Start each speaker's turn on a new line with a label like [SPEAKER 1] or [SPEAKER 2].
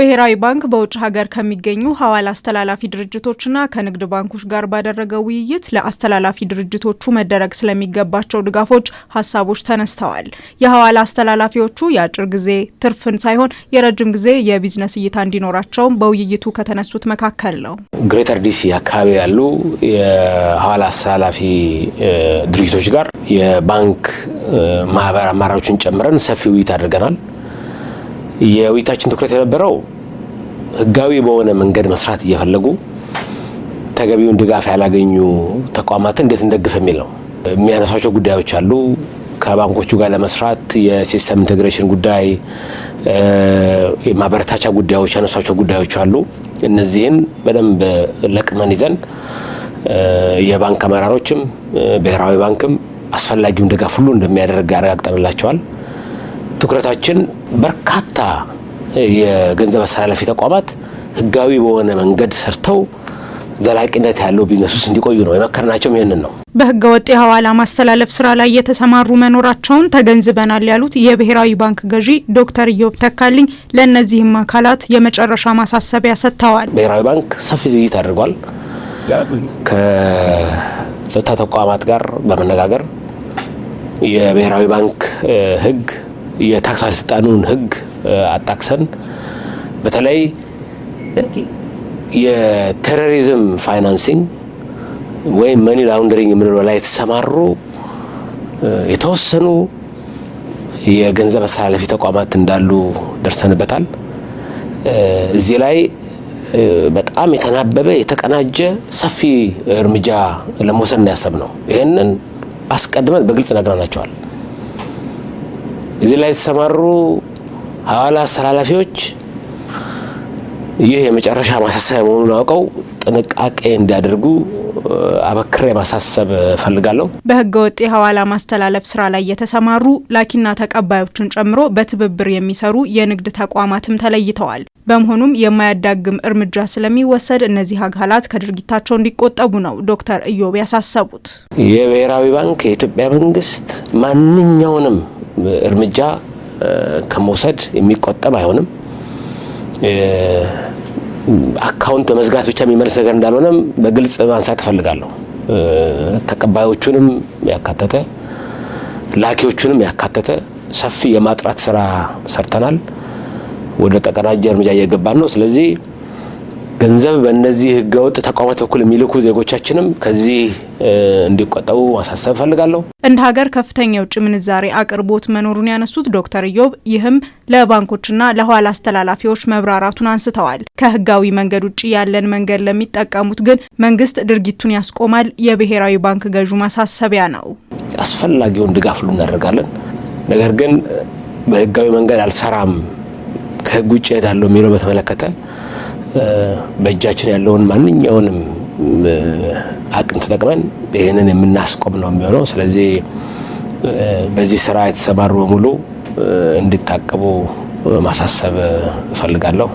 [SPEAKER 1] ብሔራዊ ባንክ በውጭ ሀገር ከሚገኙ ሀዋላ አስተላላፊ ድርጅቶችና ከንግድ ባንኮች ጋር ባደረገው ውይይት ለአስተላላፊ ድርጅቶቹ መደረግ ስለሚገባቸው ድጋፎች ሀሳቦች ተነስተዋል። የሀዋላ አስተላላፊዎቹ የአጭር ጊዜ ትርፍን ሳይሆን የረጅም ጊዜ የቢዝነስ እይታ እንዲኖራቸውም በውይይቱ ከተነሱት መካከል ነው።
[SPEAKER 2] ግሬተር ዲሲ አካባቢ ያሉ የሀዋላ አስተላላፊ ድርጅቶች ጋር የባንክ ማህበር አማራሮችን ጨምረን ሰፊ ውይይት አድርገናል። የውይይታችን ትኩረት የነበረው ህጋዊ በሆነ መንገድ መስራት እየፈለጉ ተገቢውን ድጋፍ ያላገኙ ተቋማትን እንዴት እንደግፍ የሚል ነው። የሚያነሷቸው ጉዳዮች አሉ። ከባንኮቹ ጋር ለመስራት የሲስተም ኢንቴግሬሽን ጉዳይ፣ የማበረታቻ ጉዳዮች ያነሷቸው ጉዳዮች አሉ። እነዚህን በደንብ ለቅመን ይዘን የባንክ አመራሮችም ብሔራዊ ባንክም አስፈላጊውን ድጋፍ ሁሉ እንደሚያደርግ ያረጋግጠንላቸዋል። ትኩረታችን በርካታ የገንዘብ አስተላላፊ ተቋማት ህጋዊ በሆነ መንገድ ሰርተው ዘላቂነት ያለው ቢዝነስ ውስጥ እንዲቆዩ ነው የመከርናቸውም ይህንን ነው።
[SPEAKER 1] በህገ ወጥ የሀዋላ ማስተላለፍ ስራ ላይ የተሰማሩ መኖራቸውን ተገንዝበናል ያሉት የብሔራዊ ባንክ ገዢ ዶክተር ኢዮብ ተካልኝ ለእነዚህም አካላት የመጨረሻ ማሳሰቢያ ሰጥተዋል።
[SPEAKER 2] ብሔራዊ ባንክ ሰፊ ዝግጅት አድርጓል። ከጸጥታ ተቋማት ጋር በመነጋገር የብሔራዊ ባንክ ህግ የታክስ ባለስልጣኑን ህግ አጣቅሰን በተለይ የቴሮሪዝም ፋይናንሲንግ ወይም መኒ ላውንደሪንግ የምንለው ላይ የተሰማሩ የተወሰኑ የገንዘብ አስተላላፊ ተቋማት እንዳሉ ደርሰንበታል። እዚህ ላይ በጣም የተናበበ የተቀናጀ ሰፊ እርምጃ ለመውሰድ ነው ያሰብነው። ይህንን አስቀድመን በግልጽ ነግረናቸዋል። እዚህ ላይ የተሰማሩ ሐዋላ አስተላላፊዎች ይህ የመጨረሻ ማሳሰቢያ መሆኑን አውቀው ጥንቃቄ እንዲያደርጉ አበክሬ ማሳሰብ ፈልጋለሁ።
[SPEAKER 1] በህገ ወጥ የሐዋላ ማስተላለፍ ስራ ላይ የተሰማሩ ላኪና ተቀባዮችን ጨምሮ በትብብር የሚሰሩ የንግድ ተቋማትም ተለይተዋል። በመሆኑም የማያዳግም እርምጃ ስለሚወሰድ እነዚህ አካላት ከድርጊታቸው እንዲቆጠቡ ነው ዶክተር ኢዮብ ያሳሰቡት።
[SPEAKER 2] የብሔራዊ ባንክ፣ የኢትዮጵያ መንግስት ማንኛውንም እርምጃ ከመውሰድ የሚቆጠብ አይሆንም። አካውንት በመዝጋት ብቻ የሚመልስ ነገር እንዳልሆነም በግልጽ ማንሳት እፈልጋለሁ። ተቀባዮቹንም ያካተተ ላኪዎቹንም ያካተተ ሰፊ የማጥራት ስራ ሰርተናል። ወደ ተቀናጀ እርምጃ እየገባን ነው። ስለዚህ ገንዘብ በእነዚህ ህገወጥ ተቋማት በኩል የሚልኩ ዜጎቻችንም ከዚህ እንዲቆጠቡ ማሳሰብ እፈልጋለሁ።
[SPEAKER 1] እንደ ሀገር ከፍተኛ የውጭ ምንዛሬ አቅርቦት መኖሩን ያነሱት ዶክተር ኢዮብ ይህም ለባንኮችና ለኋላ አስተላላፊዎች መብራራቱን አንስተዋል። ከህጋዊ መንገድ ውጭ ያለን መንገድ ለሚጠቀሙት ግን መንግስት ድርጊቱን ያስቆማል የብሔራዊ ባንክ ገዢ ማሳሰቢያ ነው።
[SPEAKER 2] አስፈላጊውን ድጋፍ ሁሉ እናደርጋለን። ነገር ግን በህጋዊ መንገድ አልሰራም ከህግ ውጭ እሄዳለሁ የሚለው በተመለከተ በእጃችን ያለውን ማንኛውንም አቅም ተጠቅመን ይህንን የምናስቆም ነው የሚሆነው። ስለዚህ በዚህ ስራ የተሰማሩ በሙሉ እንዲታቀቡ ማሳሰብ እፈልጋለሁ።